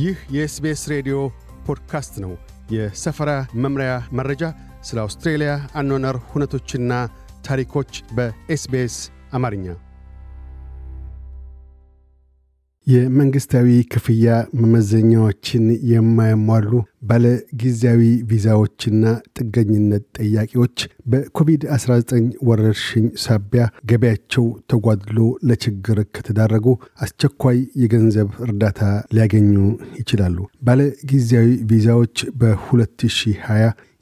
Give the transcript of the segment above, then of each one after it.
ይህ የኤስቤስ ሬዲዮ ፖድካስት ነው። የሰፈራ መምሪያ መረጃ፣ ስለ አውስትሬልያ አኗኗር ሁነቶችና ታሪኮች በኤስቤስ አማርኛ የመንግስታዊ ክፍያ መመዘኛዎችን የማያሟሉ ባለ ጊዜያዊ ቪዛዎችና ጥገኝነት ጠያቂዎች በኮቪድ-19 ወረርሽኝ ሳቢያ ገበያቸው ተጓድሎ ለችግር ከተዳረጉ አስቸኳይ የገንዘብ እርዳታ ሊያገኙ ይችላሉ። ባለ ጊዜያዊ ቪዛዎች በ2020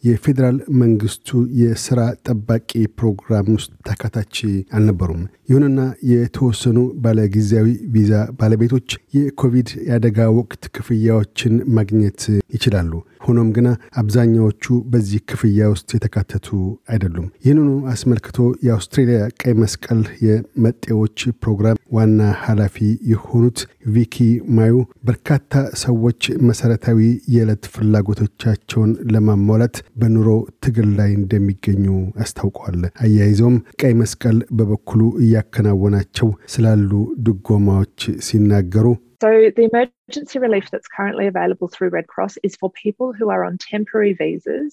የፌዴራል መንግስቱ የስራ ጠባቂ ፕሮግራም ውስጥ ተካታች አልነበሩም። ይሁንና የተወሰኑ ባለጊዜያዊ ቪዛ ባለቤቶች የኮቪድ የአደጋ ወቅት ክፍያዎችን ማግኘት ይችላሉ። ሆኖም ግና አብዛኛዎቹ በዚህ ክፍያ ውስጥ የተካተቱ አይደሉም። ይህንኑ አስመልክቶ የአውስትሬልያ ቀይ መስቀል የመጤዎች ፕሮግራም ዋና ኃላፊ የሆኑት ቪኪ ማዩ በርካታ ሰዎች መሰረታዊ የዕለት ፍላጎቶቻቸውን ለማሟላት በኑሮ ትግል ላይ እንደሚገኙ አስታውቀዋል። አያይዘውም ቀይ መስቀል በበኩሉ እያከናወናቸው ስላሉ ድጎማዎች ሲናገሩ So, the emergency relief that's currently available through Red Cross is for people who are on temporary visas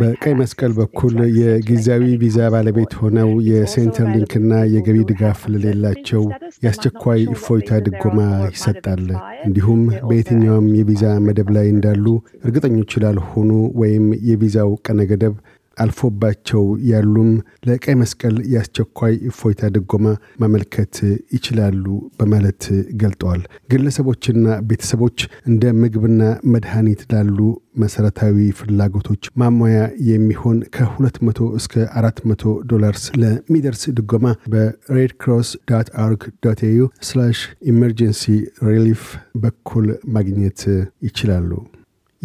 በቀይ መስቀል በኩል የጊዜያዊ ቪዛ ባለቤት ሆነው የሴንተር ሊንክና የገቢ ድጋፍ ለሌላቸው የአስቸኳይ እፎይታ ድጎማ ይሰጣል። እንዲሁም በየትኛውም የቪዛ መደብ ላይ እንዳሉ እርግጠኞች ላልሆኑ ወይም የቪዛው ቀነ ገደብ አልፎባቸው ያሉም ለቀይ መስቀል የአስቸኳይ እፎይታ ድጎማ ማመልከት ይችላሉ በማለት ገልጠዋል። ግለሰቦችና ቤተሰቦች እንደ ምግብና መድኃኒት ላሉ መሰረታዊ ፍላጎቶች ማሟያ የሚሆን ከ200 እስከ 400 ዶላርስ ለሚደርስ ድጎማ በሬድ ክሮስ ዶት ኦርግ ኤዩ ኢመርጀንሲ ሪሊፍ በኩል ማግኘት ይችላሉ።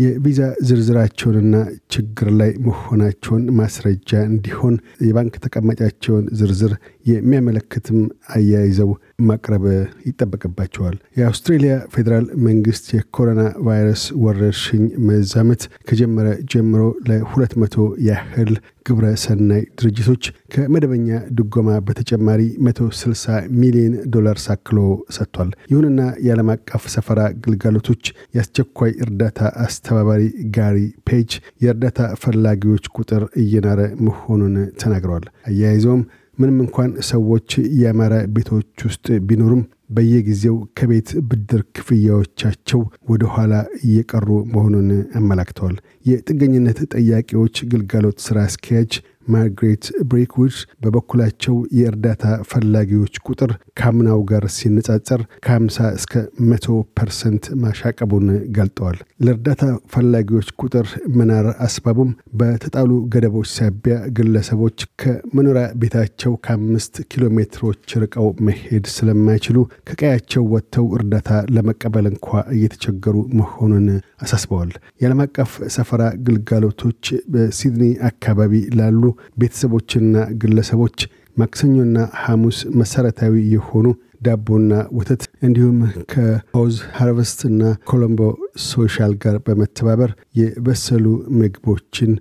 የቪዛ ዝርዝራቸውንና ችግር ላይ መሆናቸውን ማስረጃ እንዲሆን የባንክ ተቀማጫቸውን ዝርዝር የሚያመለክትም አያይዘው ማቅረብ ይጠበቅባቸዋል። የአውስትሬሊያ ፌዴራል መንግስት የኮሮና ቫይረስ ወረርሽኝ መዛመት ከጀመረ ጀምሮ ለሁለት መቶ ያህል ግብረ ሰናይ ድርጅቶች ከመደበኛ ድጎማ በተጨማሪ 160 ሚሊዮን ዶላር ሳክሎ ሰጥቷል። ይሁንና የዓለም አቀፍ ሰፈራ ግልጋሎቶች የአስቸኳይ እርዳታ አስተባባሪ ጋሪ ፔጅ የእርዳታ ፈላጊዎች ቁጥር እየናረ መሆኑን ተናግረዋል። አያይዘውም ምንም እንኳን ሰዎች ያማረ ቤቶች ውስጥ ቢኖሩም በየጊዜው ከቤት ብድር ክፍያዎቻቸው ወደ ኋላ እየቀሩ መሆኑን አመላክተዋል። የጥገኝነት ጠያቂዎች ግልጋሎት ስራ አስኪያጅ ማርግሬት ብሬክውድ በበኩላቸው የእርዳታ ፈላጊዎች ቁጥር ከምናው ጋር ሲነጻጸር ከ50 እስከ 100 ፐርሰንት ማሻቀቡን ገልጠዋል። ለእርዳታ ፈላጊዎች ቁጥር መናር አስባቡም በተጣሉ ገደቦች ሳቢያ ግለሰቦች ከመኖሪያ ቤታቸው ከአምስት ኪሎ ሜትሮች ርቀው መሄድ ስለማይችሉ ከቀያቸው ወጥተው እርዳታ ለመቀበል እንኳ እየተቸገሩ መሆኑን አሳስበዋል። የዓለም አቀፍ ሰፈራ ግልጋሎቶች በሲድኒ አካባቢ ላሉ ቤተሰቦችና ግለሰቦች ማክሰኞና ሐሙስ መሰረታዊ የሆኑ ዳቦና ወተት እንዲሁም ከሆዝ ሃርቨስትና ኮሎምቦ ሶሻል ጋር በመተባበር የበሰሉ ምግቦችን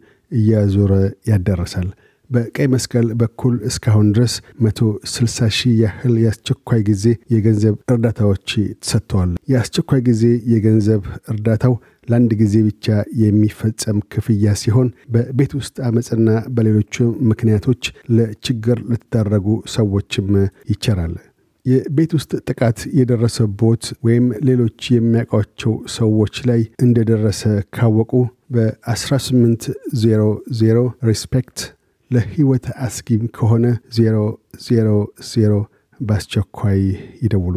እያዞረ ያዳረሳል። በቀይ መስቀል በኩል እስካሁን ድረስ 60 ሺህ ያህል የአስቸኳይ ጊዜ የገንዘብ እርዳታዎች ተሰጥተዋል። የአስቸኳይ ጊዜ የገንዘብ እርዳታው ለአንድ ጊዜ ብቻ የሚፈጸም ክፍያ ሲሆን በቤት ውስጥ አመፅና በሌሎች ምክንያቶች ለችግር ለተዳረጉ ሰዎችም ይቸራል። የቤት ውስጥ ጥቃት የደረሰቦት ወይም ሌሎች የሚያውቋቸው ሰዎች ላይ እንደደረሰ ካወቁ በ1800 ሪስፔክት ለህይወት አስጊም ከሆነ 000 በአስቸኳይ ይደውሉ።